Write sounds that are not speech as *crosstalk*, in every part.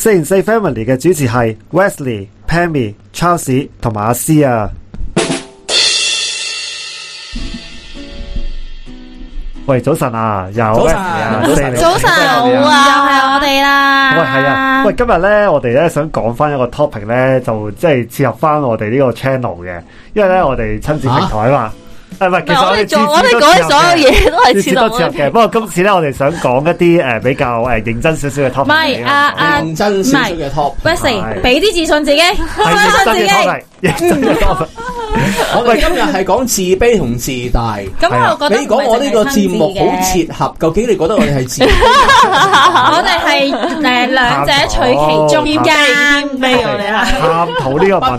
四零四 Family 嘅主持係 Wesley、Pammy、Charles 同埋阿思啊！喂，早晨啊，有早晨，早晨有啊，又係我哋啦。喂，係啊，喂，今日咧，我哋咧想講翻一個 topic 咧，就即係切入翻我哋呢個 channel 嘅，因為咧我哋親子平台啊嘛。啊誒，唔係，我哋做我哋講嘅所有嘢都係黐度嘅，不過今次咧我哋想講一啲誒比較誒認真少少嘅 topic。唔係阿阿唔係嘅 topic，喂成，俾啲自信自己，自信自己，自信。我哋今日係講自卑同自大。咁我覺得，你講我呢個節目好切合，究竟你覺得我哋係自卑？我哋係誒兩者取其中嘅，探討呢個問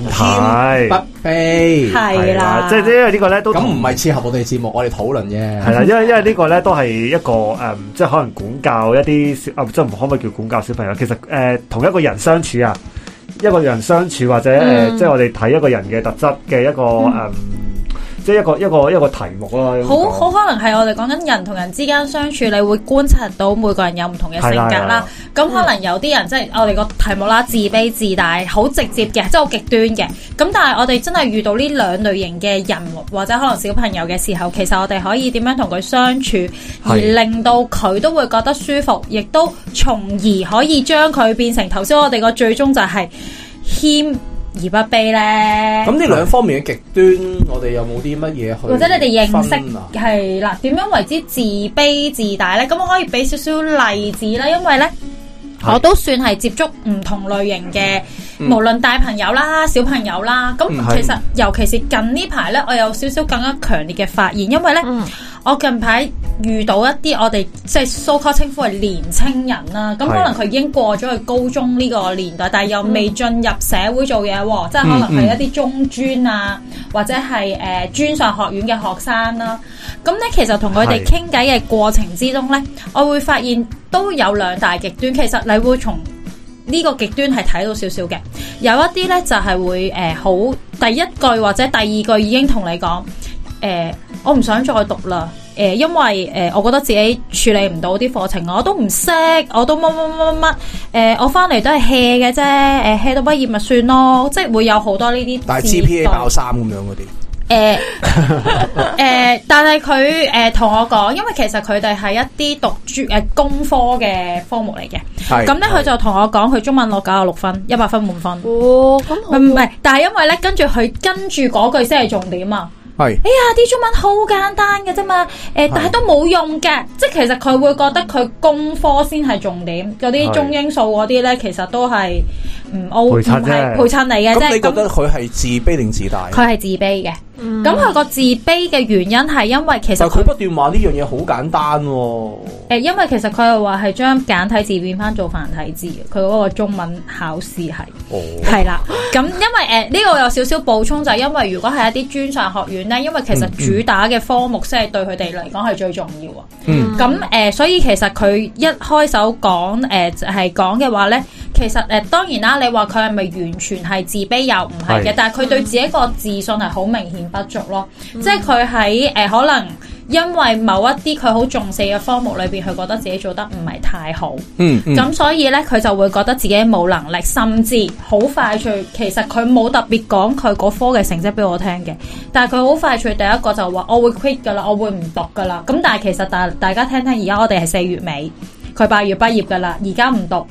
題。飛係 Hey, 是啦，即係因為個呢個咧都咁唔係適合我哋節目，我哋討論啫。係啦，因為因為個呢個咧都係一個誒、嗯，即係可能管教一啲小，啊、即係唔可唔可以叫管教小朋友。其實誒，同、呃、一個人相處啊，一個人相處或者誒，呃嗯、即係我哋睇一個人嘅特質嘅一個誒。嗯嗯即係一個一個一個題目啦，好好可能係我哋講緊人同人之間相處，你會觀察到每個人有唔同嘅性格啦。咁可能有啲人、嗯、即係我哋個題目啦，自卑自大，好直接嘅，即係好極端嘅。咁但係我哋真係遇到呢兩類型嘅人，或者可能小朋友嘅時候，其實我哋可以點樣同佢相處，而令到佢都會覺得舒服，亦都從而可以將佢變成頭先我哋個最終就係謙。而不卑咧，咁呢兩方面嘅極端，我哋有冇啲乜嘢去或者你哋認識係啦？點樣為之自卑自大咧？咁我可以俾少少例子啦，因為咧，是我都算係接觸唔同類型嘅，嗯嗯、無論大朋友啦、小朋友啦，咁其實嗎尤其是近呢排咧，我有少少更加強烈嘅發現，因為咧。嗯我近排遇到一啲我哋即係 so called 稱呼係年青人啦、啊，咁可能佢已經過咗去高中呢個年代，是的 但係又未進入社會做嘢、啊，嗯、即係可能係一啲中專啊，或者係誒專上學院嘅學生啦、啊。咁咧，其實同佢哋傾偈嘅過程之中咧，是的 我會發現都有兩大極端。其實你會從呢個極端係睇到少少嘅，有一啲咧就係、是、會誒、呃、好第一句或者第二句已經同你講。誒、呃，我唔想再讀啦，誒、呃，因為誒、呃，我覺得自己處理唔到啲課程，我都唔識，我都乜乜乜乜乜，誒、呃，我翻嚟都係 hea 嘅啫，誒、呃、hea 到畢業咪算咯，即係會有好多呢啲，但係 GPA 爆三咁樣啲，誒、呃，誒，但係佢誒同我講，因為其實佢哋係一啲讀專誒工科嘅科目嚟嘅，係是，咁咧佢就同我講，佢中文攞九十六分，一百分滿分，咁唔係，但係因為咧，跟住佢跟住嗰句先係重點啊。係，哎呀，啲中文好簡單嘅啫嘛，誒，但係都冇用嘅，即係其實佢會覺得佢功課先係重點，有啲中英數嗰啲咧，其實都係唔澳唔係陪襯你嘅。咁你覺得佢係自卑定自大？佢係自卑嘅。咁佢個自卑嘅原因係因為其實佢不斷話呢樣嘢好簡單誒、啊欸，因為其實佢係話係將簡體字變翻做繁體字，佢嗰個中文考試係係啦。咁因為誒呢、呃這個有少少補充就係因為如果係一啲專上學院咧，因為其實主打嘅科目先係對佢哋嚟講係最重要啊。咁誒、嗯嗯呃，所以其實佢一開手講誒係講嘅話咧，其實誒、呃、當然啦，你話佢係咪完全係自卑又唔係嘅？但係佢對自己一個自信係好明顯。不足咯，即係佢喺誒，可能因為某一啲佢好重視嘅科目裏邊，佢覺得自己做得唔係太好，嗯，咁、嗯、所以呢，佢就會覺得自己冇能力，甚至好快脆。其實佢冇特別講佢嗰科嘅成績俾我聽嘅，但係佢好快脆第一個就話我會 quit 噶啦，我會唔讀噶啦。咁但係其實大大家聽聽而家我哋係四月尾，佢八月畢業噶啦，而家唔讀。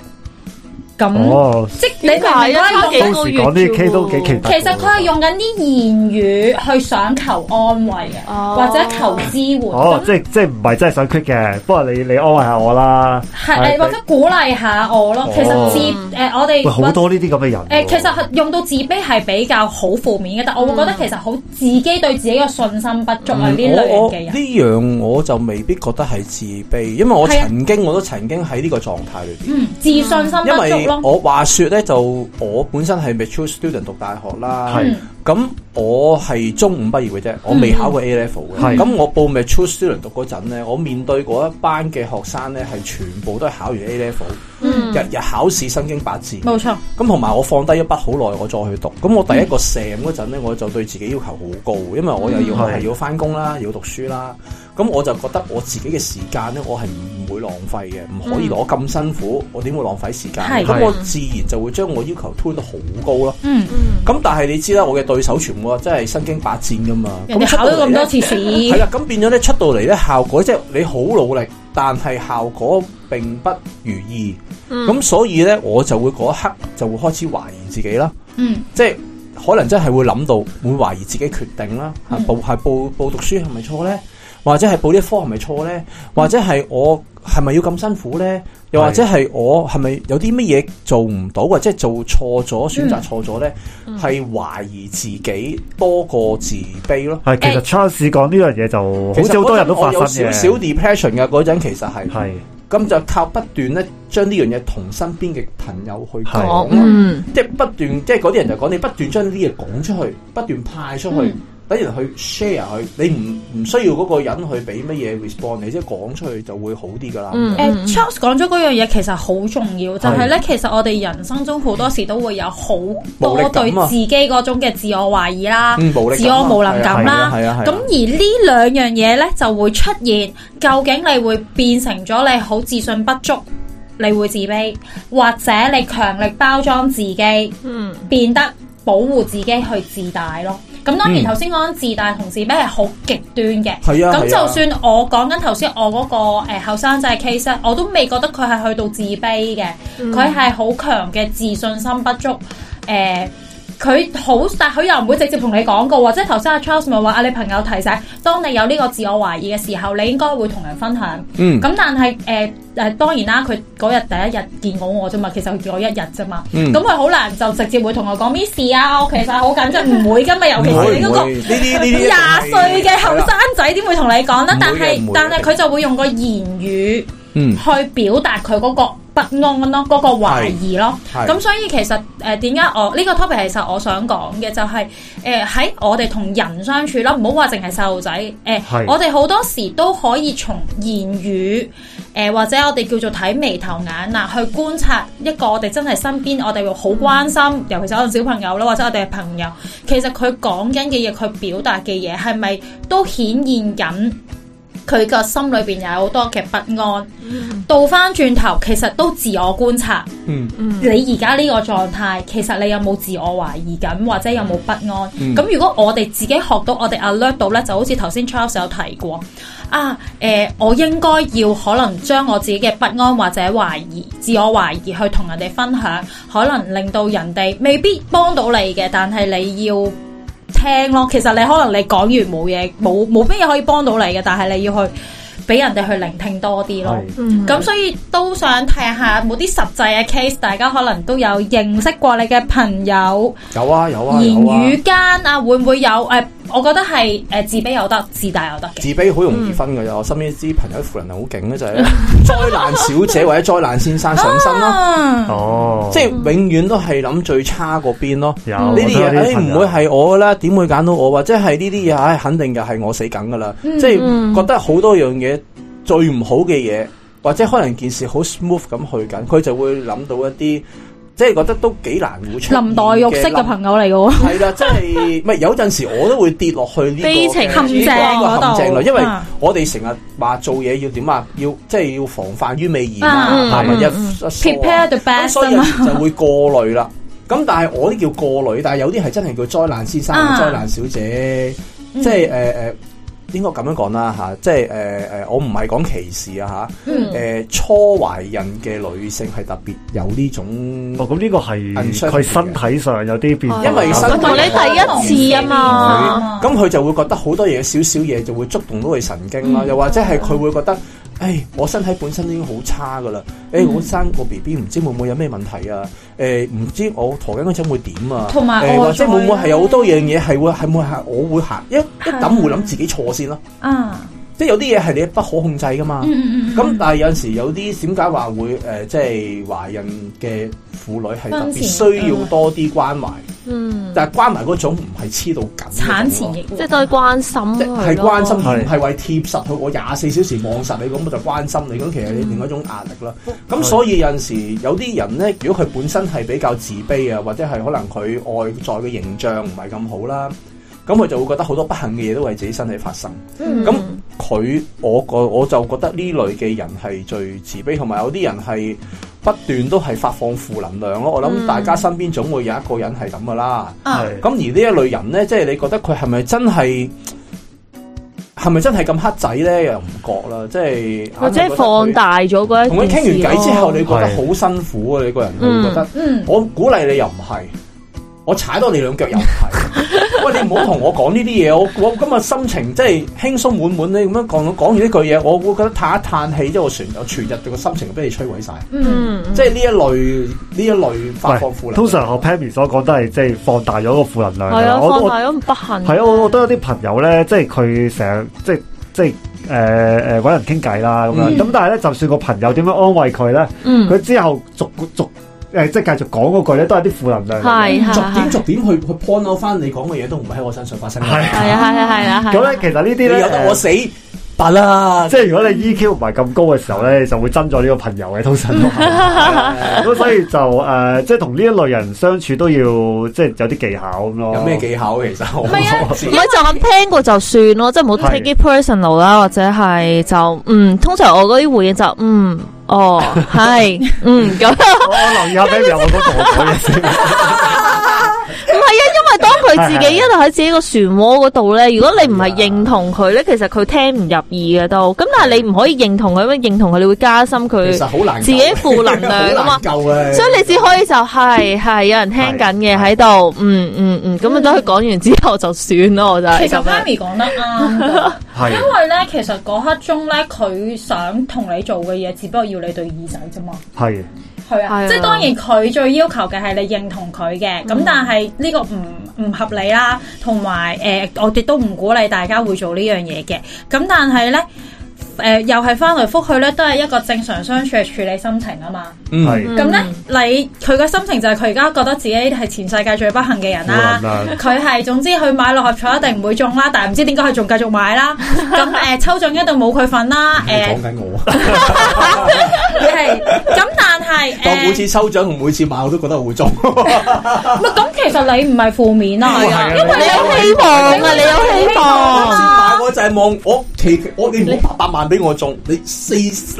咁即你唔係一個講啲 K 都幾奇特，其實佢係用緊啲言語去想求安慰啊，或者求支援。哦，即即唔係真係想 q 嘅，不過你你安慰下我啦，係或者鼓勵下我咯。其實自誒我哋好多呢啲咁嘅人。誒，其實用到自卑係比較好負面嘅，但我會覺得其實好自己對自己嘅信心不足啊呢類型嘅人。呢樣我就未必覺得係自卑，因為我曾經我都曾經喺呢個狀態裏邊。嗯，自信心不足。因為我話説咧，就我本身係 mature student 讀大學啦，咁是我係中五畢業嘅啫，我未考過 A level 嘅。咁是我報 mature student 讀嗰陣咧，我面對嗰一班嘅學生咧，係全部都係考完 A level。日日考試，身經百戰，冇錯。咁同埋我放低一筆好耐，我再去讀。咁我第一個 sam 嗰陣咧，我就對自己要求好高，因為我又要係、嗯、要翻工啦，要讀書啦。咁我就覺得我自己嘅時間咧，我係唔會浪費嘅，唔可以攞咁辛苦，嗯、我點會浪費時間？咁是我自然就會將我要求推得好高咯。嗯。咁但係你知啦，我嘅對手全部真係身經百戰㗎嘛。咁考咗咁多次試，係啦、嗯。咁、呃、變咗咧出到嚟咧效果，即、就、係、是、你好努力。但係效果並不如意，咁、嗯、所以咧，我就會嗰一刻就會開始懷疑自己啦，嗯、即係可能真係會諗到，會懷疑自己決定啦，係報係報報讀書係咪錯咧，或者係報呢科係咪錯咧，嗯、或者係我係咪要咁辛苦咧？又或者係我係咪有啲乜嘢做唔到，或者做錯咗選擇錯咗咧？係懷、嗯、疑自己，多過自卑咯。係其實 Charles 講呢樣嘢就好多人都發，好似其實我我有少少 depression 嘅嗰陣，其實係係咁就靠不斷咧，將呢樣嘢同身邊嘅朋友去講、嗯，即係不斷，即係嗰啲人就講你不斷將呢嘢講出去，不斷派出去。嗯等於去 share 佢，你唔唔需要嗰個人去俾乜嘢 respond 你，即係講出去就會好啲噶啦。誒、嗯嗯啊、Charles 講咗嗰樣嘢其實好重要，就係、是、咧，的其實我哋人生中好多時都會有好多、啊、對自己嗰種嘅自我懷疑啦，嗯啊、自我無能感啦，係啊係。咁而呢兩樣嘢咧就會出現，究竟你會變成咗你好自信不足，你會自卑，或者你強力包裝自己，嗯，變得。保護自己去自大咯，咁當然頭先講自大同自卑係好極端嘅。咁、啊啊、就算我講緊頭先我嗰、嗰個誒後生仔 case，我都未覺得佢係去到自卑嘅，佢係好強嘅自信心不足、呃佢好，但佢又唔會直接同你講噶，或者係頭先阿 Charles 咪話啊，你朋友提醒，當你有呢個自我懷疑嘅時候，你應該會同人分享。咁、嗯、但係誒誒，當然啦，佢嗰日第一日見到我啫嘛，其實佢見我一日啫嘛。咁佢好難就直接會同我講 Miss 啊，其實好緊張，唔會噶嘛，尤其是你嗰個廿歲嘅後生仔，點會同你講呢？但係但係佢就會用個言語。嗯、去表達佢嗰個不安咯，嗰、那個懷疑咯。咁所以其實誒，點、呃、解我呢、這個 topic 其實我想講嘅就係、是，誒、呃、喺我哋同人相處啦，唔好話淨係細路仔。誒、呃，是我哋好多時都可以從言語，誒、呃、或者我哋叫做睇眉頭眼啊，去觀察一個我哋真係身邊我哋會好關心，嗯、尤其是我哋小朋友啦，或者我哋係朋友，其實佢講緊嘅嘢，佢表達嘅嘢係咪都顯現緊？佢個心裏邊有好多嘅不安，倒翻轉頭其實都自我觀察。嗯嗯，你而家呢個狀態，其實你有冇自我懷疑緊，或者有冇不安？咁、嗯、如果我哋自己學到我哋 alert 到呢，就好似頭先 Charles 有提過啊。誒、呃，我應該要可能將我自己嘅不安或者懷疑、自我懷疑去同人哋分享，可能令到人哋未必幫到你嘅，但係你要。聽咯，其實你可能你講完冇嘢，冇冇乜嘢可以幫到你嘅，但係你要去。俾人哋去聆聽多啲咯，咁所以都想睇下冇啲實際嘅 case，大家可能都有認識過你嘅朋友。有啊有啊言語間啊，會唔會有？誒，我覺得係誒自卑有得，自大有得。自卑好容易分嘅，我身邊啲朋友富人係好勁嘅就係災難小姐或者災難先生上身啦。哦，即係永遠都係諗最差嗰邊咯。有呢啲嘢，誒唔會係我啦，點會揀到我？或者係呢啲嘢，唉，肯定又係我死梗噶啦。即係覺得好多樣嘢。最唔好嘅嘢，或者可能件事好 smooth 咁去緊，佢就會諗到一啲，即係覺得都幾難緩，林黛玉式嘅朋友嚟噶係啦，即係唔係有陣時我都會跌落去呢個，呢個陷阱啦。因為我哋成日話做嘢要點啊，要即係要防範於未然啊，係咪一 prepare the best 所以就會過濾啦。咁但係我啲叫過濾，但係有啲係真係叫災難先生、災難小姐，即係誒誒。應該咁樣講啦，嚇、啊，即係誒誒，我唔係講歧視啊，嚇、嗯，誒、呃、初懷孕嘅女性係特別有呢種，哦，咁呢個係佢身體上有啲變化，因為同你第一次啊嘛，咁佢、嗯嗯、就會覺得好多嘢少少嘢就會觸動到佢神經啦，嗯、又或者係佢會覺得。誒、哎，我身體本身已經好差噶啦，誒、哎，我生個 B B 唔知會唔會有咩問題啊？誒、呃，唔知我佗緊個陣會點啊？同埋有，呃、或者會唔會係有好多樣嘢係會係會係我會行一的一等會諗自己錯先咯。啊，啊即係有啲嘢係你不可控制噶嘛。咁、嗯、但係有陣時有啲點解話會誒、呃，即係懷孕嘅婦女係特別需要多啲關懷。嗯，但係關埋嗰種唔係黐到緊，產前即係都係關心、啊、關心，係關心唔係為貼實佢，嗯、我廿四小時望實你咁，我就關心你咁，其實係另外一種壓力啦。咁、嗯、所以有陣時、嗯、有啲人咧，如果佢本身係比較自卑啊，或者係可能佢外在嘅形象唔係咁好啦，咁佢就會覺得好多不幸嘅嘢都為自己身體發生。咁佢、嗯、我個我就覺得呢類嘅人係最自卑，同埋有啲人係。不斷，都係發放負能量咯，我諗大家身邊總會有一個人係咁噶啦。咁、嗯、而呢一類人咧，即係你覺得佢係咪真係，係咪真係咁黑仔咧？又唔覺啦，即係或者放大咗嗰一，同佢傾完偈之後，嗯、你覺得好辛苦啊？嗯、你個人會覺得，嗯，我鼓勵你又唔係。我踩多你兩腳又，喂！你唔好同我講呢啲嘢，我我今日心情即係輕鬆滿滿，你咁樣講，講完呢句嘢，我會覺得嘆一嘆氣，之後全有全日嘅心情俾你摧毀晒。嗯，即係呢一類呢一類發放負能。通常我 Pammy 所講都係即係放大咗個負能量。係啊，放大咗不幸。係啊，我我都有啲朋友咧，即係佢成日，即係即係誒誒搵人傾偈啦咁樣。咁但係咧，就算個朋友點樣安慰佢咧，佢之後逐逐。誒，即係繼續講嗰句咧，都係啲負能量。係逐點逐點去去 point 翻你講嘅嘢，都唔會喺我身上發生。係係啊係啊係啊，咁咧其實呢啲咧有得我死拔啦。即係如果你 EQ 唔係咁高嘅時候咧，就會爭咗呢個朋友嘅。通常都咁，所以就誒，即係同呢一類人相處都要即係有啲技巧咁咯。有咩技巧其實？唔係就咁聽過就算咯，即係唔好 take it personal 啦，或者係就嗯，通常我嗰啲回應就嗯。哦，係，嗯， *music* 咁啊，我留意下睇下我同我講嘢先，唔係啊。佢自己一路喺自己個漩渦嗰度咧，如果你唔係認同佢咧，其實佢聽唔入耳嘅都。咁但係你唔可以認同佢，因為認同佢你會加深佢。其實好難。自己負能量啊嘛。所以你只可以就係係有人聽緊嘅喺度，嗯嗯嗯，咁啊，等佢講完之後就算咯，我就係。其實媽咪講得啱，因為咧，其實嗰刻中咧，佢想同你做嘅嘢，只不過要你對耳仔啫嘛。係。係啊。即係當然，佢最要求嘅係你認同佢嘅，咁但係呢個唔。唔合理啦，同埋誒，我哋都唔鼓勵大家會做呢樣嘢嘅。咁但係呢。誒又係翻來覆去咧，都係一個正常相處嘅處理心情啊嘛。嗯，咁咧你佢嘅心情就係佢而家覺得自己係全世界最不幸嘅人啦。佢係總之去買六合彩一定唔會中啦，但係唔知點解佢仲繼續買啦。咁誒抽獎一定冇佢份啦。誒講緊我，你係咁，但係我每次抽獎同每次買我都覺得我會中。唔係咁，其實你唔係負面啊，因為你有希望啊，你有希望啊。買我就係望我期我你冇八百萬。俾我中，你四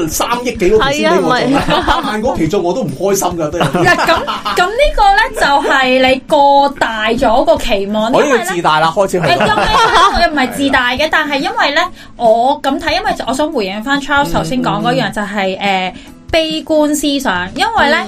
三億幾嗰啊，唔我中，萬嗰期中我都唔開心噶，都、嗯。呀 *laughs* 咁咁呢個咧就係、是、你過大咗個期望，因為咧自大啦，開始係咁。又唔係自大嘅，但係因為咧，我咁睇，因為我想回應翻 Charles 頭先講嗰樣、就是，就係誒。嗯呃悲觀思想，因為咧，誒、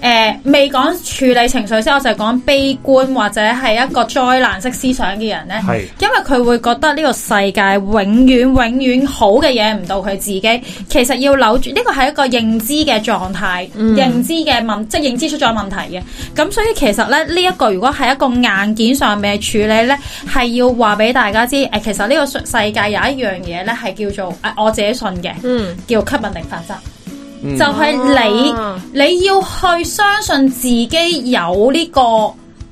嗯呃，未講處理情緒先，我就講悲觀或者係一個災難式思想嘅人咧，是因為佢會覺得呢個世界永遠永遠好嘅嘢唔到佢自己。其實要扭住呢、呢個係一個認知嘅狀態，嗯、認知嘅問即係認知出咗問題嘅。咁所以其實咧呢一、呢個如果係一個硬件上面嘅處理咧，係要話俾大家知誒，其實呢個世界有一樣嘢咧係叫做誒我自己信嘅，嗯、叫吸引力法則。就係你，你要去相信自己有呢個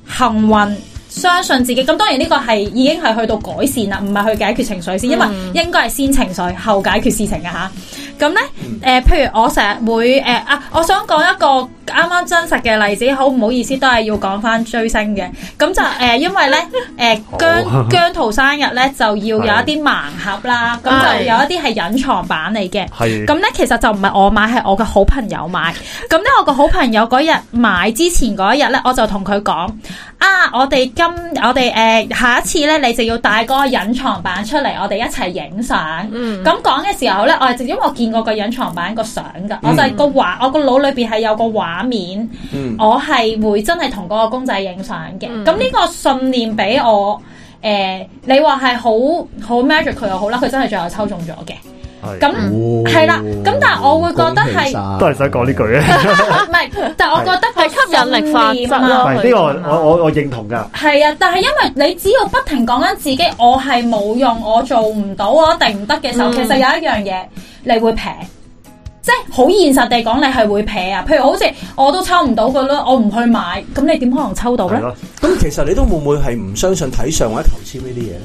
幸運。相信自己咁，當然呢個係已經係去到改善啦，唔係去解決情緒先，因為應該係先情緒後解決事情嘅吓咁咧，誒、啊呃，譬如我成日會誒、呃、啊，我想講一個啱啱真實嘅例子，好唔好意思，都係要講翻追星嘅。咁就誒、呃，因為咧誒、呃、 *laughs* 姜 *laughs* 姜圖姜濤生日咧，就要有一啲盲盒啦，咁是就有一啲係隱藏版嚟嘅。咁咧是，其實就唔係我買，係我嘅好朋友買。咁咧，我個好朋友嗰日買之前嗰一日咧，我就同佢講啊，我哋今嗯、我哋誒、呃，下一次咧，你就要帶嗰個隱藏版出嚟，我哋一齊影相。咁講嘅時候咧，我係直接因為我見過個隱藏版，嗯、個相噶，我就係個畫，我個腦裏邊係有個畫面，嗯、我係會真係同嗰個公仔影相嘅。咁呢、嗯、個信念俾我，誒、呃，你話係好好 magic 佢又好啦，佢真係最後抽中咗嘅。咁係啦，咁但係我會覺得係都係使講呢句嘅 *laughs* 是，唔係，但係我覺得係吸引力法則、啊這個、嗯、我我我認同噶。係啊，但係因為你只要不停講緊自己，我係冇用，我做唔到，我一定唔得嘅時候，嗯、其實有一樣嘢，你會撇，即係好現實地講，你係會撇啊。譬如好似我都抽唔到嘅咯，我唔去買，咁你點可能抽到咧？咁其實你都會唔會係唔相信睇上或者頭簽呢啲嘢咧？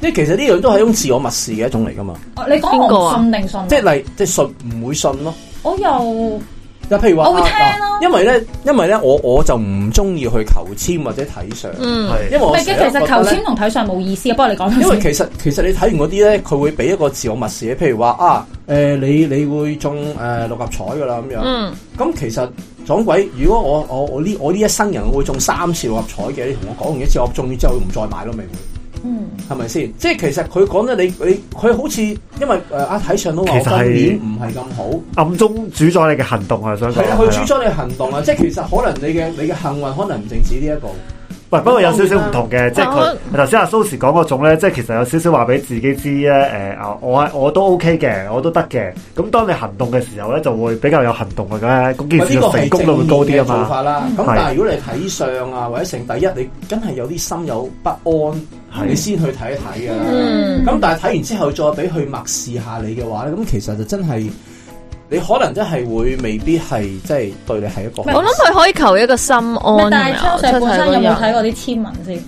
即其實呢樣都係一種自我暗示嘅一種嚟噶嘛？哦、啊，你講唔信定信、啊即？即係嚟，即係信唔會信咯。我又，但譬如話我會聽咯、啊啊啊。因為咧，因為咧，我我就唔中意去求籤或者睇相。嗯，係是，因為唔係嘅，其實求籤同睇相冇意思嘅。不過你講，因為其實其實你睇完嗰啲咧，佢會俾一個自我暗示嘅。譬如話啊，誒、呃，你你會中誒、呃、六合彩噶啦咁樣。嗯、咁、嗯、其實撞鬼，如果我我我呢我呢一生人我會中三次六合彩嘅。你同我講完一次，我中完之後唔再買咯，咪會。嗯，係咪先？ *noise* 即係其實佢講得你，你佢好似因為誒阿睇上都話，其實已唔係咁好，暗中主宰你嘅行動啊！想佢佢主宰你嘅行動啊！嗯、即係其實可能你嘅你嘅幸運可能唔淨止呢、這、一個。喂，不過有少少唔同嘅，即係佢頭先阿蘇士講嗰種咧，即係其實有少少話俾自己知咧，誒、呃，我我都 OK 嘅，我都得嘅。咁當你行動嘅時候咧，就會比較有行動嘅，咁件事嘅成功率會高啲啊嘛。咁、嗯、但係如果你睇相啊，或者成第一，你真係有啲心有不安，是你先去睇一睇嘅。咁、嗯、但係睇完之後再俾佢默視下你嘅話咧，咁其實就真係。你可能真係會未必係，即係對你係一個，我諗佢可以求一個心安。但係是《Charles 本身有冇睇過啲簽文先？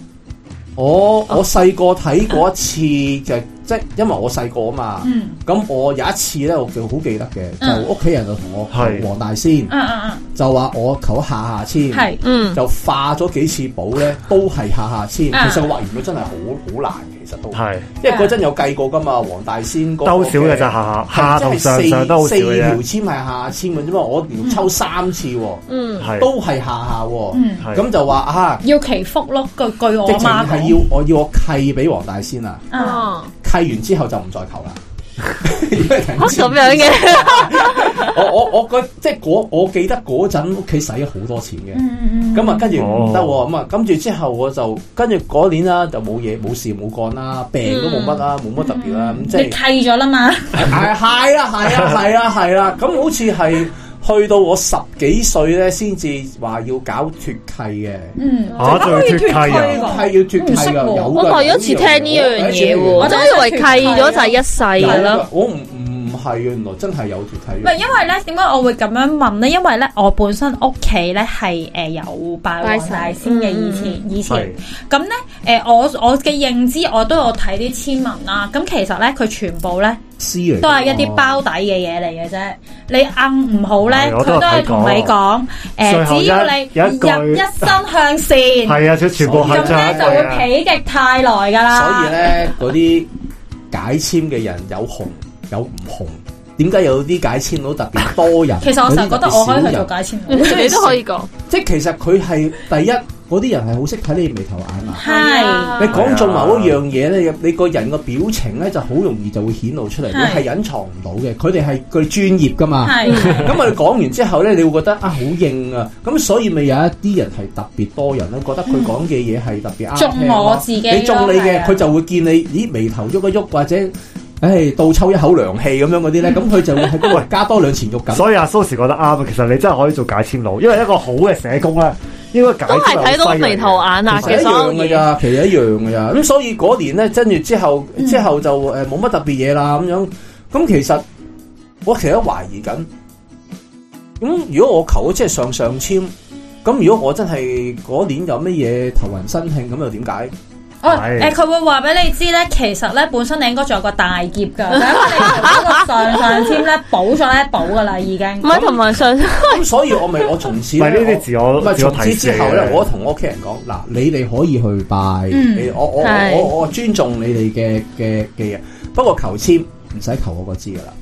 我我細個睇過一次就。即係因為我細個啊嘛，咁我有一次咧，我就好記得嘅，就屋企人就同我求黃大仙，就話我求下下籤，就化咗幾次寶咧，都係下下籤。其實畫完佢真係好好難，其實都係。因為嗰陣有計過㗎嘛，黃大仙嗰都少嘅咋，下下，係四四條籤係下下籤嘅啫嘛。我連抽三次，都係下下，咁就話啊，要祈福咯，據據我媽講係要，我要我契俾黃大仙啊。剃完之後就唔再投啦，好似咁樣嘅。我我、就是、我佢即係我記得嗰陣屋企使咗好多錢嘅，咁啊、mm hmm. 嗯、跟住唔得咁啊，跟住之後我就跟住嗰年啦，就冇嘢冇事冇干啦，病都冇乜啦，冇乜、mm hmm. 特別啦，咁即係契咗啦嘛，係係啊係啊係啊係啊，咁、就是哎、好似係。去到我十幾歲咧，先至話要搞脫契嘅，吓要脫契、啊，脫契要脫契噶，的我第一次聽呢樣嘢，我，啊、我真、啊、以為契咗就係一世噶啦。的吧係原來真係有條睇，唔係因為咧，點解我會咁樣問咧？因為咧，我本身屋企咧係誒有拜晒先嘅，以前以前咁咧，誒我我嘅認知我都有睇啲簽文啦。咁其實咧，佢全部咧都係一啲包底嘅嘢嚟嘅啫。你摁唔好咧，佢都係同你講，誒，只要你入一身向善，係啊，佢全部係就就會否極太耐噶啦。所以咧，嗰啲解簽嘅人有紅。有唔紅？點解有啲解簽佬特別多人？其實我成日覺得我可以做解簽佬，你都可以講。即係其實佢係第一，嗰啲人係好識睇你眉頭眼啊。係你講做某一樣嘢咧，你你個人個表情咧就好容易就會顯露出嚟，你係隱藏唔到嘅。佢哋係佢專業噶嘛。係咁啊！你講完之後咧，你會覺得啊好應啊。咁所以咪有一啲人係特別多人咧，覺得佢講嘅嘢係特別啱。中我自己，你中你嘅佢就會見你咦眉頭喐一喐或者。唉、哎，倒抽一口涼氣咁樣嗰啲咧，咁佢 *laughs* 就會喺度加多兩錢肉緊。所以阿 Sosze 覺得啱，其實你真係可以做解簽佬，因為一個好嘅社工咧，呢個解都係睇到眉頭眼額，其實一樣噶咋，其實一樣噶咋。咁所以嗰年咧，跟住之後之後就誒冇乜特別嘢啦，咁樣。咁其實我其實懷疑緊，咁如果我求即係上上簽，咁如果我真係嗰年有乜嘢頭暈身慶，咁又點解？哦，誒，佢會話俾你知咧，其實咧本身你應該仲有個大劫噶，但係我哋上上簽咧補咗咧補噶啦，已經唔係同埋上。咁所以我咪我從此，係呢啲字，我從此之後咧，我同屋企人講嗱，你哋可以去拜，我我我我尊重你哋嘅嘅嘅嘢，不過求簽唔使求我個字噶啦。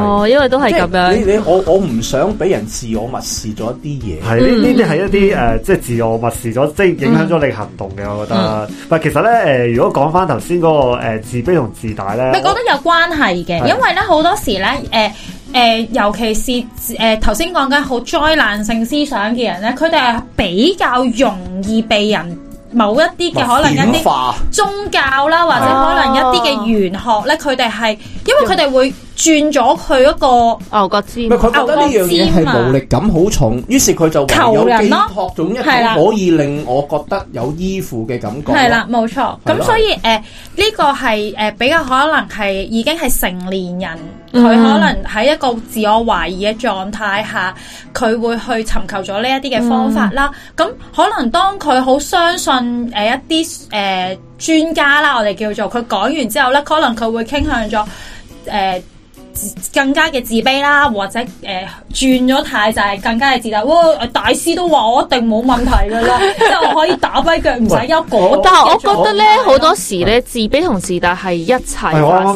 哦，因為都係咁樣。你你我我唔想俾人自我漠視咗一啲嘢。係，呢呢啲係一啲誒、呃，即係自我漠視咗，即係影響咗你行動嘅。嗯、我覺得。但其實咧誒、呃，如果講翻頭先嗰個、呃、自卑同自大咧，你覺得有關係嘅？我因為咧好多時咧誒誒，尤其是誒頭先講緊好災難性思想嘅人咧，佢哋係比較容易被人某一啲嘅可能一啲宗教啦，或者可能一啲嘅玄學咧，佢哋係因為佢哋會。轉咗佢一個牛角尖，佢覺得呢樣嘢係無力感好重，於、啊、是佢就求人寄、啊、託，仲一個可以令我覺得有依附嘅感覺。係啦的，冇錯。咁的所以誒呢、呃這個係誒、呃、比較可能係已經係成年人，佢、嗯、可能喺一個自我懷疑嘅狀態下，佢會去尋求咗呢一啲嘅方法啦。咁、嗯、可能當佢好相信誒一啲誒專家啦，我哋叫做佢講完之後咧，可能佢會傾向咗誒。呃更加嘅自卑啦，或者誒轉咗態就係更加嘅自大。哇，大師都話我一定冇問題噶啦，即係我可以打跛腳唔使憂。但係我覺得咧，好多時咧自卑同自大係一齊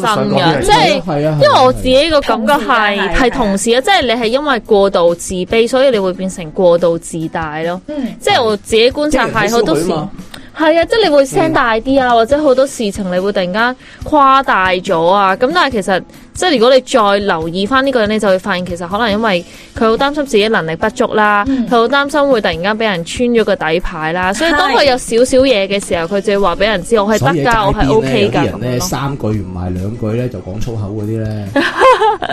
發生嘅，即係因為我自己個感覺係係同時啊，即係你係因為過度自卑，所以你會變成過度自大咯。即係我自己觀察係好多時係啊，即係你會聲大啲啊，或者好多事情你會突然間誇大咗啊。咁但係其實。即係如果你再留意翻呢個人，你就會發現其實可能因為佢好擔心自己能力不足啦，佢好擔心會突然間俾人穿咗個底牌啦。所以當佢有少少嘢嘅時候，佢就要話俾人知我係得㗎，我係 OK 㗎。所以而家變咧，啲人咧三句唔埋兩句咧就講粗口嗰啲咧。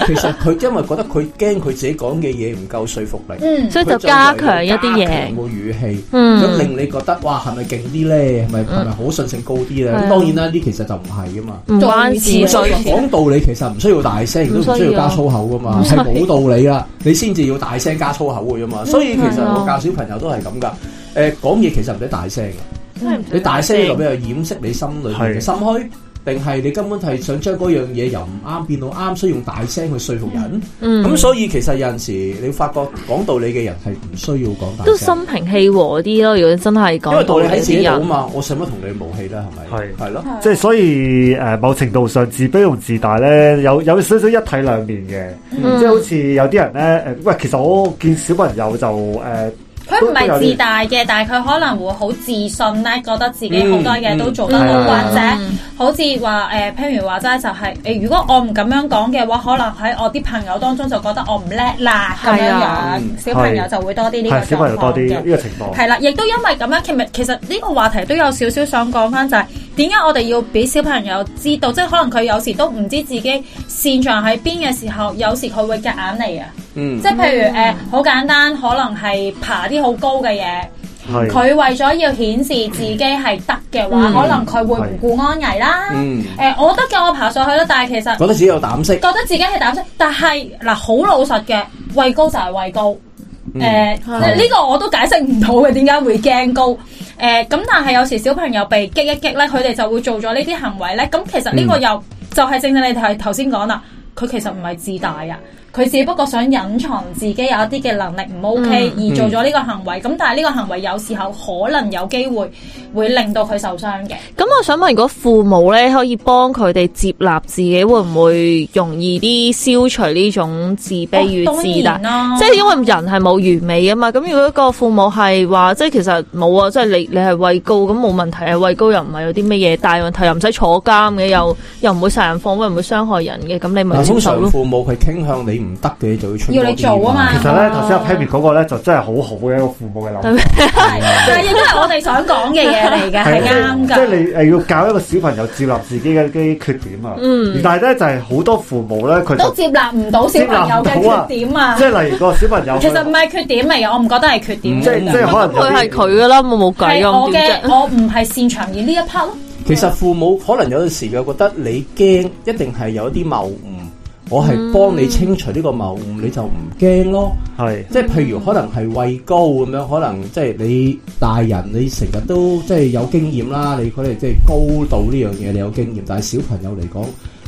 其實佢因為覺得佢驚佢自己講嘅嘢唔夠說服力，所以就加強一啲嘢，加強個語氣，想令你覺得哇係咪勁啲咧？係咪係咪好信性高啲咧？咁當然啦，呢啲其實就唔係㗎嘛，唔關事。講道理其實唔需要。要大聲，都唔需要加粗口噶嘛，係冇道理啦。 *laughs* 你先至要大聲加粗口嘅啫嘛， *laughs* 所以其實我教小朋友都係咁噶。誒、呃，講嘢其實唔使大聲嘅，嗯、你大聲呢個比較掩飾你心裏邊嘅心虛。定係你根本係想將嗰樣嘢由唔啱變到啱，需要用大聲去說服人。嗯，咁所以其實有陣時你發覺講道理嘅人係唔需要講大。都心平氣和啲咯，如果你真係講道理係自己度嘛，我想乜同你無氣啦，係咪是？係係咯，即係所以誒、呃，某程度上自卑同自大咧，有有少少一體兩面嘅，嗯嗯、即係好似有啲人咧誒，喂、呃，其實我見小朋友就誒。呃佢唔係自大嘅，但係佢可能會好自信咧，覺得自己好多嘢都做得好，嗯嗯啊、或者、嗯、好似話誒，譬如話齋就係、是、誒、呃，如果我唔咁樣講嘅話，可能喺我啲朋友當中就覺得我唔叻啦咁樣樣，小朋友就會多啲呢個狀況，小朋友多啲呢個情況。係啦、啊，亦都因為咁樣，其實其實呢個話題都有少少想講翻就係、是。點解我哋要俾小朋友知道，即係可能佢有時都唔知自己擅長喺邊嘅時候，有時佢會夾硬嚟啊！嗯、即係譬如誒，好、嗯呃、簡單，可能係爬啲好高嘅嘢，佢是為咗要顯示自己係得嘅話，嗯、可能佢會唔顧安危啦。嗯，誒、呃，我覺得叫我爬上去啦，但係其實覺得自己有膽識，覺得自己係膽識，但係嗱好老實嘅畏高就係畏高。誒，呢個我都解釋唔到嘅，點解會驚高？誒咁、呃，但係有時小朋友被激一激咧，佢哋就會做咗呢啲行為咧。咁其實呢個又、嗯、就係正正你頭頭先講啦，佢其實唔係自大啊。佢只不過想隱藏自己有一啲嘅能力唔 OK、嗯、而做咗呢個行為。咁、嗯、但係呢個行為有時候可能有機會會令到佢受傷嘅。咁、嗯、我想問，如果父母咧可以幫佢哋接納自己，會唔會容易啲消除呢種自卑與自大？哦啊、即係因為人係冇完美啊嘛。咁如果個父母係話，即係其實冇啊，即係你你係畏高咁冇問題啊，畏高又唔係有啲乜嘢大問題又，又唔使坐監嘅，又又唔會殺人放火，唔會傷害人嘅，咁你咪接受咯。通常父母係傾向你。唔得嘅嘢就要出，要你做啊嘛。其實咧，頭先阿 Pam 嗰個咧，就真係好好嘅一個父母嘅諗法。但係亦都係我哋想講嘅嘢嚟㗎，係啱㗎。即係你誒要教一個小朋友接納自己嘅啲缺點啊。嗯。但係咧，就係好多父母咧，佢都接納唔到小朋友嘅缺點啊。即係例如個小朋友，其實唔係缺點嚟嘅，我唔覺得係缺點。即係即係可能佢係佢㗎啦，我冇計㗎。係我嘅，我唔係擅長而呢一 part 咯。其實父母可能有陣時又覺得你驚，一定係有啲謬誤。我係幫你清除呢個謬誤，你就唔驚咯。係是，即係譬如可能係畏高咁樣，可能即係你大人，你成日都即係有經驗啦，你佢哋即係高度呢樣嘢你有經驗，但係小朋友嚟講，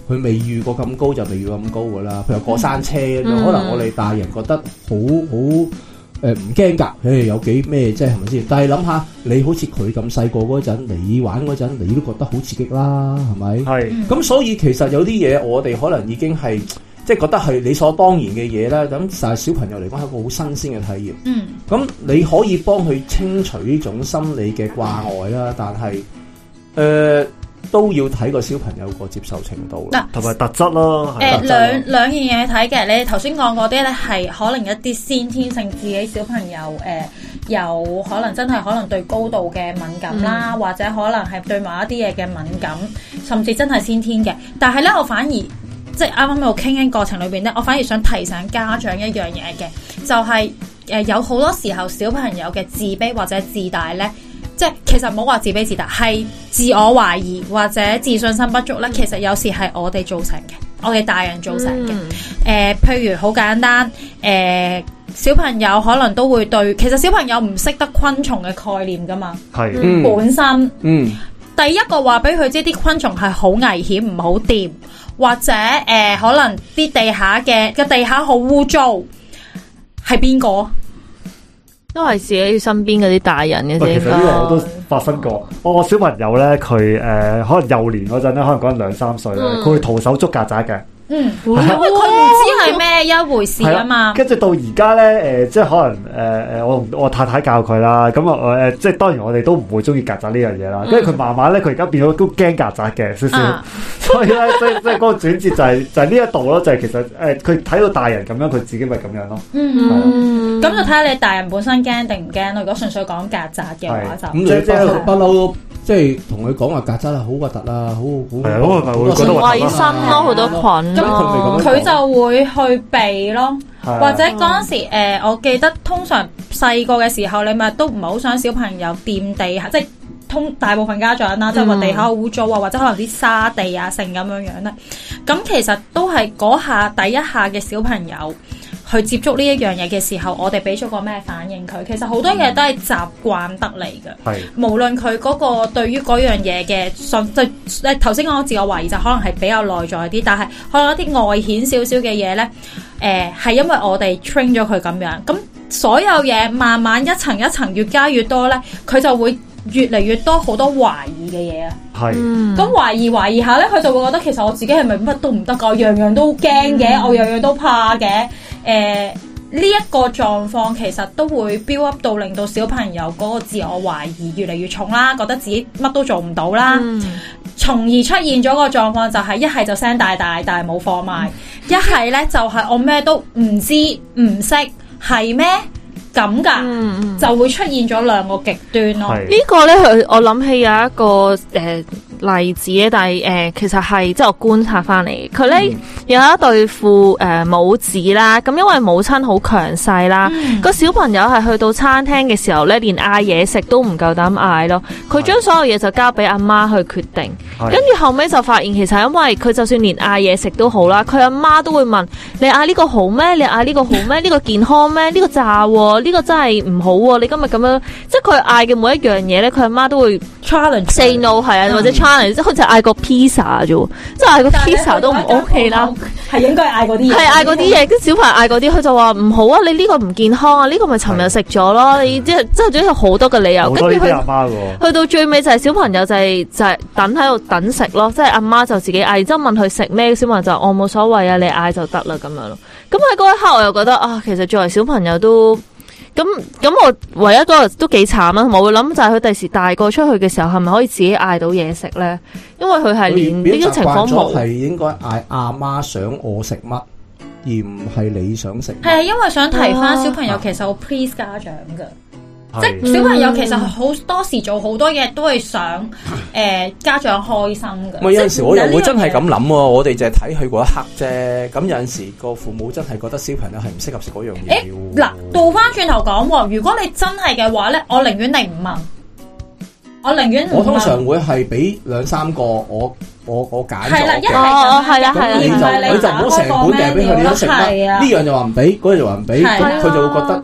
佢未遇過咁高就未要咁高噶啦，譬如過山車咁，嗯、可能我哋大人覺得好好。誒，唔驚噶，誒，有幾咩，即係係咪先？但係諗下，你好似佢咁細個嗰陣，你玩嗰陣，你都覺得好刺激啦，係咪？係。咁所以其實有啲嘢，我哋可能已經係即係覺得係理所當然嘅嘢啦。咁但係小朋友嚟講，係一個好新鮮嘅體驗。嗯。咁你可以幫佢清除呢種心理嘅掛礙啦，但係，誒、呃。都要睇個小朋友個接受程度啦，同埋、呃、特質啦。誒、呃、質兩兩樣嘢睇嘅，你頭先講嗰啲咧，係可能一啲先天性自己小朋友誒、呃，有可能真係可能對高度嘅敏感啦，嗯、或者可能係對某一啲嘢嘅敏感，甚至真係先天嘅。但係咧，我反而即係啱啱喺度傾緊過程裏邊咧，我反而想提醒家長一樣嘢嘅，就係、是、誒、呃、有好多時候小朋友嘅自卑或者自大咧。即係其實唔好話自卑自大，係自我懷疑或者自信心不足咧。其實有時係我哋造成嘅，我哋大人造成嘅。誒、嗯、呃，譬如好簡單，誒、呃，小朋友可能都會對，其實小朋友唔識得昆蟲嘅概念噶嘛。係，嗯、本身，嗯，嗯第一個話俾佢知啲昆蟲係好危險，唔好掂，或者誒、呃，可能啲地下嘅個地下好污糟，係邊個？都係自己身邊嗰啲大人嘅先。唔係，其實呢個我都發生過。哦、我小朋友呢，佢、呃、可能幼年嗰陣咧，可能嗰陣兩三歲咧，佢、嗯、會徒手捉曱甴嘅。嗯，啊、因為佢唔知係咩一回事啊嘛，跟住、啊、到而家咧，誒、呃，即係可能，誒，誒，我我太太教佢啦，咁、嗯、啊，誒、呃，即係當然我哋都唔會中意曱甴呢樣嘢啦，因為佢慢慢咧，佢而家變咗都驚曱甴嘅少少，所以咧，所以即係嗰個轉折就係、是、就係、是、呢一度咯，就係、是、其實誒，佢、呃、睇到大人咁樣，佢自己咪咁樣咯。嗯，咁、啊、就睇下你大人本身驚定唔驚咯，如果純粹講曱甴嘅話就咁，即係即係同佢講話曱甴啊，好核突啊，好好好核突，啊、會覺得啊，唔衞生咯，好多菌、啊，咁佢就會去避咯，啊、或者嗰陣時、呃、我記得通常細個嘅時候，你咪都唔係好想小朋友掂地下，即係通大部分家長啦，即係話地下污糟啊，或者可能啲沙地啊，成咁樣樣咧，咁、嗯、其實都係嗰下第一下嘅小朋友。去接觸呢一樣嘢嘅時候，我哋俾咗個咩反應佢？其實好多嘢都係習慣得嚟嘅。係是，無論佢嗰個對於嗰樣嘢嘅信，就誒頭先我自我懷疑就可能係比較內在啲，但係可能一啲外顯少少嘅嘢呢，誒、呃、係因為我哋 train 咗佢咁樣。咁所有嘢慢慢一層一層越加越多呢，佢就會越嚟越多好多懷疑嘅嘢啊。係是。嗯、咁懷疑懷疑下呢，佢就會覺得其實我自己係咪乜都唔得㗎？樣樣都驚嘅，我樣樣都怕嘅。嗯誒，呢一、呃，這個狀況其實都會飆 up 到令到小朋友嗰個自我懷疑越嚟越重啦，覺得自己乜都做唔到啦，嗯、從而出現咗個狀況就係、是、一係就聲大大，但係冇貨賣；嗯、一係呢，就係、是、我咩都唔知唔識，係咩咁噶？嗯、就會出現咗兩個極端咯。是個呢個咧，我諗起有一個誒。呃例子咧，但係誒，其實係即係我觀察翻嚟，佢咧、嗯、有一對父誒母子啦。咁因為母親好強勢啦，個、嗯、小朋友係去到餐廳嘅時候咧，連嗌嘢食都唔夠膽嗌咯。佢將所有嘢就交俾阿媽去決定。跟住是後尾就發現，其實因為佢就算連嗌嘢食都好啦，佢阿媽都會問你嗌呢個好咩？你嗌呢個好咩？呢 *laughs* 個健康咩？呢、這個炸喎？呢、這個真係唔好喎？你今日咁樣，即係佢嗌嘅每一樣嘢咧，佢阿媽都會 challenge say no 係啊，或者翻嚟之後就嗌個披薩啫，即係嗌個披薩都唔 OK 啦，係應該嗌嗰啲嘢，係嗌嗰啲嘢。跟小朋友嗌嗰啲，佢就話唔好啊，你呢個唔健康啊，呢個咪尋日食咗咯。你即係總之有好多嘅理由，跟住佢去到最尾就係小朋友就係就係等喺度等食咯，即係阿媽就自己嗌，即之後問佢食咩，小朋友就話我冇所謂啊，你嗌就得啦咁樣咯。咁喺嗰一刻我又覺得啊，其實作為小朋友都。咁咁，我唯一個都，都幾慘啊！我會諗就係佢第時大個出去嘅時候，係咪可以自己嗌到嘢食咧？因為佢係連呢種演情況係應該嗌阿媽想我食乜，而唔係你想食。係啊，因為想提翻小朋友，啊、其實我 please 家長噶。即小朋友，其實好多時做好多嘢都係想誒家長開心嘅。唔係，有陣時我又會真係咁諗，我哋淨係睇佢嗰一刻啫。咁有陣時個父母真係覺得小朋友係唔適合食嗰樣嘢。嗱，倒翻轉頭講，如果你真係嘅話咧，我寧願你唔問，我寧願唔問，我通常會係俾兩三個，我我我揀咗。係一係就係啦，係啦，你就唔好成盤掉俾佢，你都食得。呢樣就話唔俾，嗰樣就話唔俾，佢就會覺得。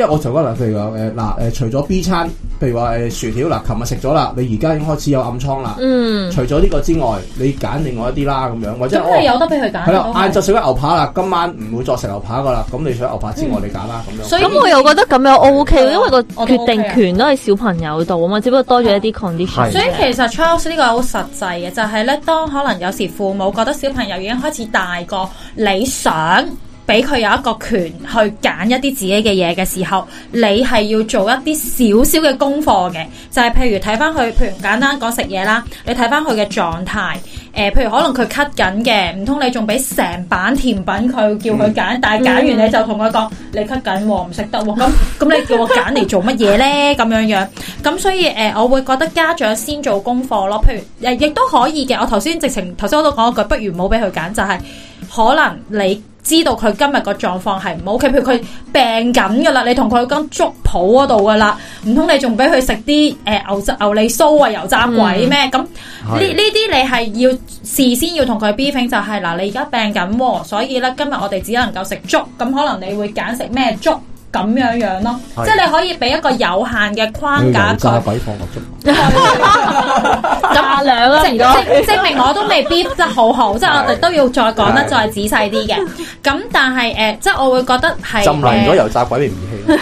因為我、呃呃呃、除咗嗱，譬如講誒嗱，誒除咗 B 餐，譬如話誒、呃、薯條嗱，琴日食咗啦，你而家已經開始有暗瘡啦。嗯。除咗呢個之外，你揀另外一啲啦，咁樣或者我、嗯哦、有得俾佢揀。係啦，晏晝食咗牛扒啦，今晚唔會再食牛扒噶啦。咁你除咗牛扒之外，嗯、你揀啦咁樣。所以咁樣我又覺得咁樣 OK，的因為個決定權都喺小朋友度啊嘛，只不過多咗一啲 condition 的。所以其實 Charles 呢個好實際嘅，就係、是、咧，當可能有時父母覺得小朋友已經開始大個，理想。俾佢有一個權去揀一啲自己嘅嘢嘅時候，你係要做一啲少少嘅功課嘅，就係、是、譬如睇翻佢，譬如簡單講食嘢啦，你睇翻佢嘅狀態，誒、呃，譬如可能佢咳緊嘅，唔通你仲俾成版甜品佢叫佢揀？嗯、但係揀完你就同佢講，嗯、你咳緊喎，唔識得喎，咁、嗯、咁你叫我揀嚟做乜嘢呢？咁樣 *laughs* 樣，咁所以誒、呃，我會覺得家長先做功課咯，譬如亦都、呃呃、可以嘅。我頭先直情頭先我都講一句，不如冇俾佢揀，的就係可能你。知道佢今日個狀況係唔好，佢譬如佢病緊噶啦，你同佢去間粥鋪嗰度噶啦，唔通你仲俾佢食啲誒牛牛脷酥啊油炸鬼咩？咁呢呢啲你係要事先要同佢 briefing，就係、是、嗱你而家病緊，所以咧今日我哋只能夠食粥，咁可能你會揀食咩粥咁樣樣咯，是即係你可以俾一個有限嘅框架佢咁阿兩咯，證明我都未必真係好好，即係我哋都要再講得再仔細啲嘅。咁但係誒，即係我會覺得係浸爛咗油炸鬼，你唔棄。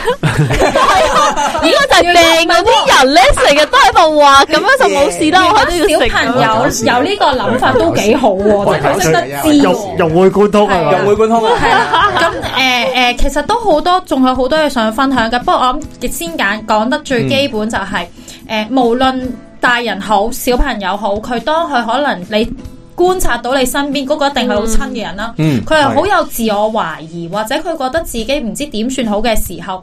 如果就係病。啲人咧成日都喺度話咁樣就冇事啦。我小朋友有呢個諗法都幾好喎，即係佢識得知又融會貫通係嘛？融會貫通啊！咁誒誒，其實都好多，仲有好多嘢想分享嘅。不過我諗亦先揀講得最基本就係誒冇。無論大人好，小朋友好，佢當佢可能你觀察到你身邊嗰個一定係好親嘅人啦，佢係好有自我懷疑，嗯、或者佢覺得自己唔知點算好嘅時候。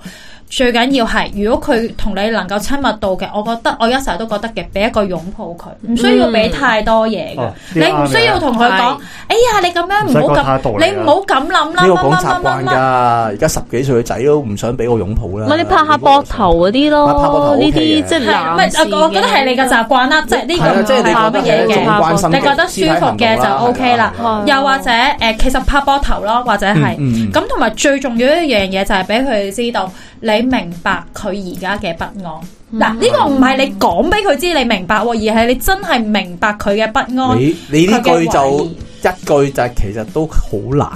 最緊要係，如果佢同你能夠親密到嘅，我覺得我一成都覺得嘅，俾一個擁抱佢，唔需要俾太多嘢嘅，你唔需要同佢講，哎呀，你咁樣唔好咁，你唔好咁諗啦，乜乜乜乜乜。而家十幾歲嘅仔都唔想俾我擁抱啦。咪拍下膊頭嗰啲咯，呢啲即係我我覺得係你嘅習慣啦，即係呢個怕乜嘢嘅，你覺得舒服嘅就 OK 啦。又或者誒，其實拍膊頭咯，或者係咁，同埋最重要一樣嘢就係俾佢知道。你明白佢而家嘅不安，嗱呢、嗯這個唔係你講俾佢知你明白，而係你真係明白佢嘅不安，佢嘅懷一句就係其實都好難，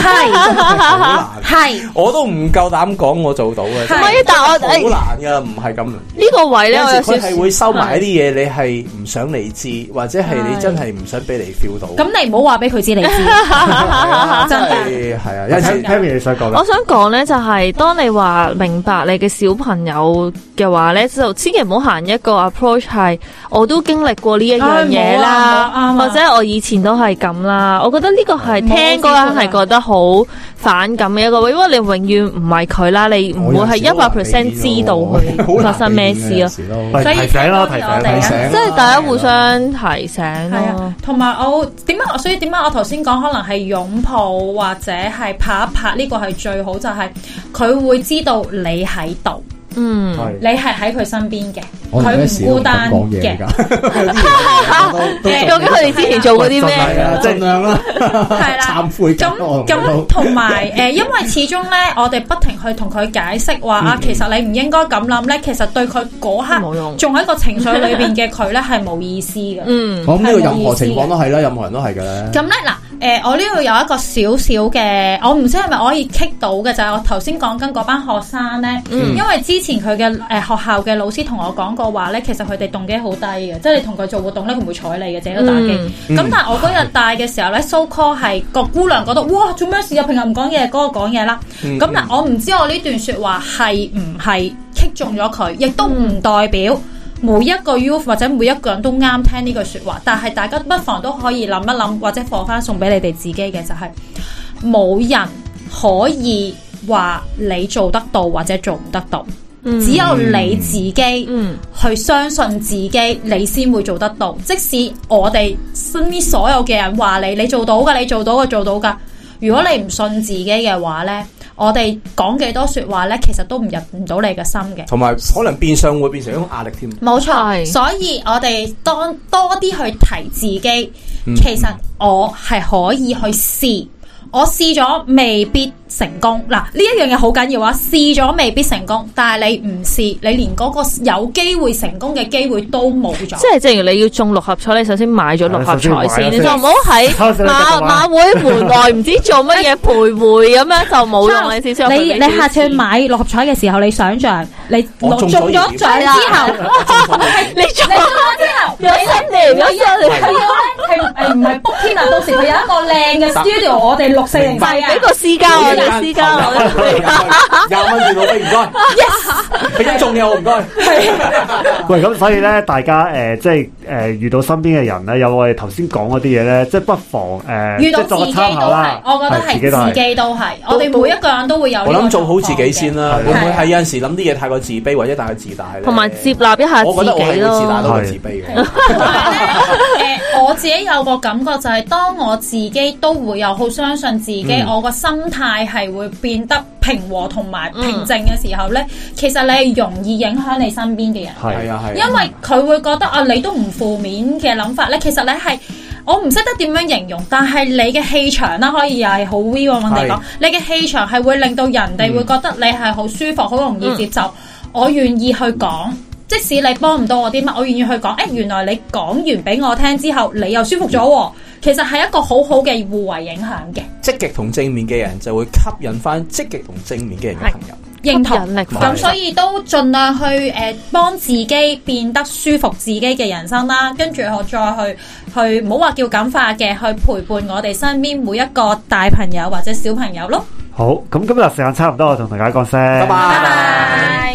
係，係，我都唔夠膽講我做到嘅。係，但係我好難㗎，唔係咁。呢個位咧，有時佢係會收埋一啲嘢，你係唔想嚟知，或者係你真係唔想俾你 feel 到。咁你唔好話俾佢知。真係係啊，有時 Tiffany 你想講咧，我想講咧就係，當你話明白你嘅小朋友嘅話咧，就千祈唔好行一個 approach 係，我都經歷過呢一樣嘢啦，或者我以前都係咁啦。啊！我覺得呢個係聽嘅人係覺得好反感嘅一個，因為你永遠唔係佢啦，你唔會係一百 percent 知道佢發生咩事咯。 *music* 所以提醒我即係大家互相提醒咯。同埋、啊、我點解？所以點解？我頭先講可能係擁抱或者係拍一拍，呢個係最好，就係、是、佢會知道你喺度，嗯，是你係喺佢身邊嘅。佢唔孤單嘅，究竟佢哋之前做過啲咩嘅，盡量啦，係啦，懺愧咁咁同埋誒，因為始終咧，我哋不停去同佢解釋話啊，其實你唔應該咁諗咧，其實對佢嗰刻仲喺個情緒裏邊嘅佢咧係冇意思嘅。嗯，我呢個任何情況都係啦，任何人都係嘅咧。咁咧嗱誒，我呢度有一個少少嘅，我唔知係咪可以棘到嘅，就係我頭先講緊嗰班學生咧，因為之前佢嘅誒學校嘅老師同我講我話咧，其實佢哋動機好低嘅，即係你同佢做活動咧，佢唔會睬你嘅，只係都打機。咁、嗯嗯、但係我嗰日帶嘅時候咧的，so call 係個姑娘覺得，哇，做咩事呀，平日唔講嘢，哥講嘢啦。咁嗱、嗯，嗯、但我唔知我呢段說話係唔係擊中咗佢，亦都唔代表每一個 youth 或者每一個人都啱聽呢句說話。但係大家不妨都可以諗一諗，或者放翻送俾你哋自己嘅，就係、是、冇人可以話你做得到或者做唔得到。只有你自己去相信自己，你先會做得到。即使我哋身邊所有嘅人話你，你做到噶，你做到噶，做到噶。如果你唔信自己嘅話呢，我哋講幾多說話呢，其實都唔入唔到你嘅心嘅。同埋可能變相會變成一種壓力添。冇錯錯，是所以我哋當多啲去提自己，其實我係可以去試，我試咗未必。成功嗱，呢一樣嘢好緊要啊！試咗未必成功，但係你唔試，你連嗰個有機會成功嘅機會都冇咗。即係正如你要中六合彩，你首先買咗六合彩先，你就唔好喺馬馬會門內唔知做乜嘢徘徊，咁樣就冇用。你你下次去買六合彩嘅時候，你想像你中咗獎之後，你中咗之後，你想贏咗嘢係咪？係唔係？卜天啊！到時佢有一個靚嘅 studio，我哋六四零制俾個私家有間廿蚊電腦機唔該，yes，俾一中嘅我唔該。喂，咁所以咧，大家誒，即係誒，遇到身邊嘅人咧，有我哋頭先講嗰啲嘢咧，即係不妨誒，即係作個參考啦。我覺得係自己都係，我哋每一個人都會有。我諗做好自己先啦。會唔會係有陣時諗啲嘢太過自卑或者太過自大？同埋接納一下自己咯。我覺得我係會自大到自卑嘅。我自己有個感覺就係，當我自己都會有好相信自己、嗯，我個心態係會變得平和同埋平靜嘅時候呢，嗯、其實你係容易影響你身邊嘅人。係啊係啊係啊，因為佢會覺得啊，你都唔負面嘅諗法呢，其實你係我唔識得點樣形容，但係你嘅氣場啦，可以係好 warm warm 地講，是你嘅氣場係會令到人哋、嗯、會覺得你係好舒服，好容易接受。嗯、我願意去講。即使你幫唔到我啲乜，我願意去講。誒，原來你講完俾我聽之後，你又舒服咗。其實係一個好好嘅互為影響嘅積極同正面嘅人，就會吸引翻積極同正面嘅人嘅朋友。認同。咁所以都盡量去誒幫自己變得舒服自己嘅人生啦，跟住我再去去唔好話叫感化嘅，去陪伴我哋身邊每一個大朋友或者小朋友咯。好，咁今日時間差唔多，我同大家講聲，拜拜。